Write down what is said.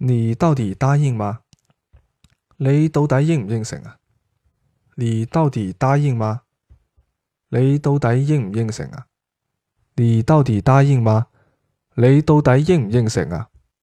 你到底答應嗎？你到底應唔應承啊？你到底答應嗎？你到底應唔應承啊？你到底答應嗎？你到底應唔應承啊？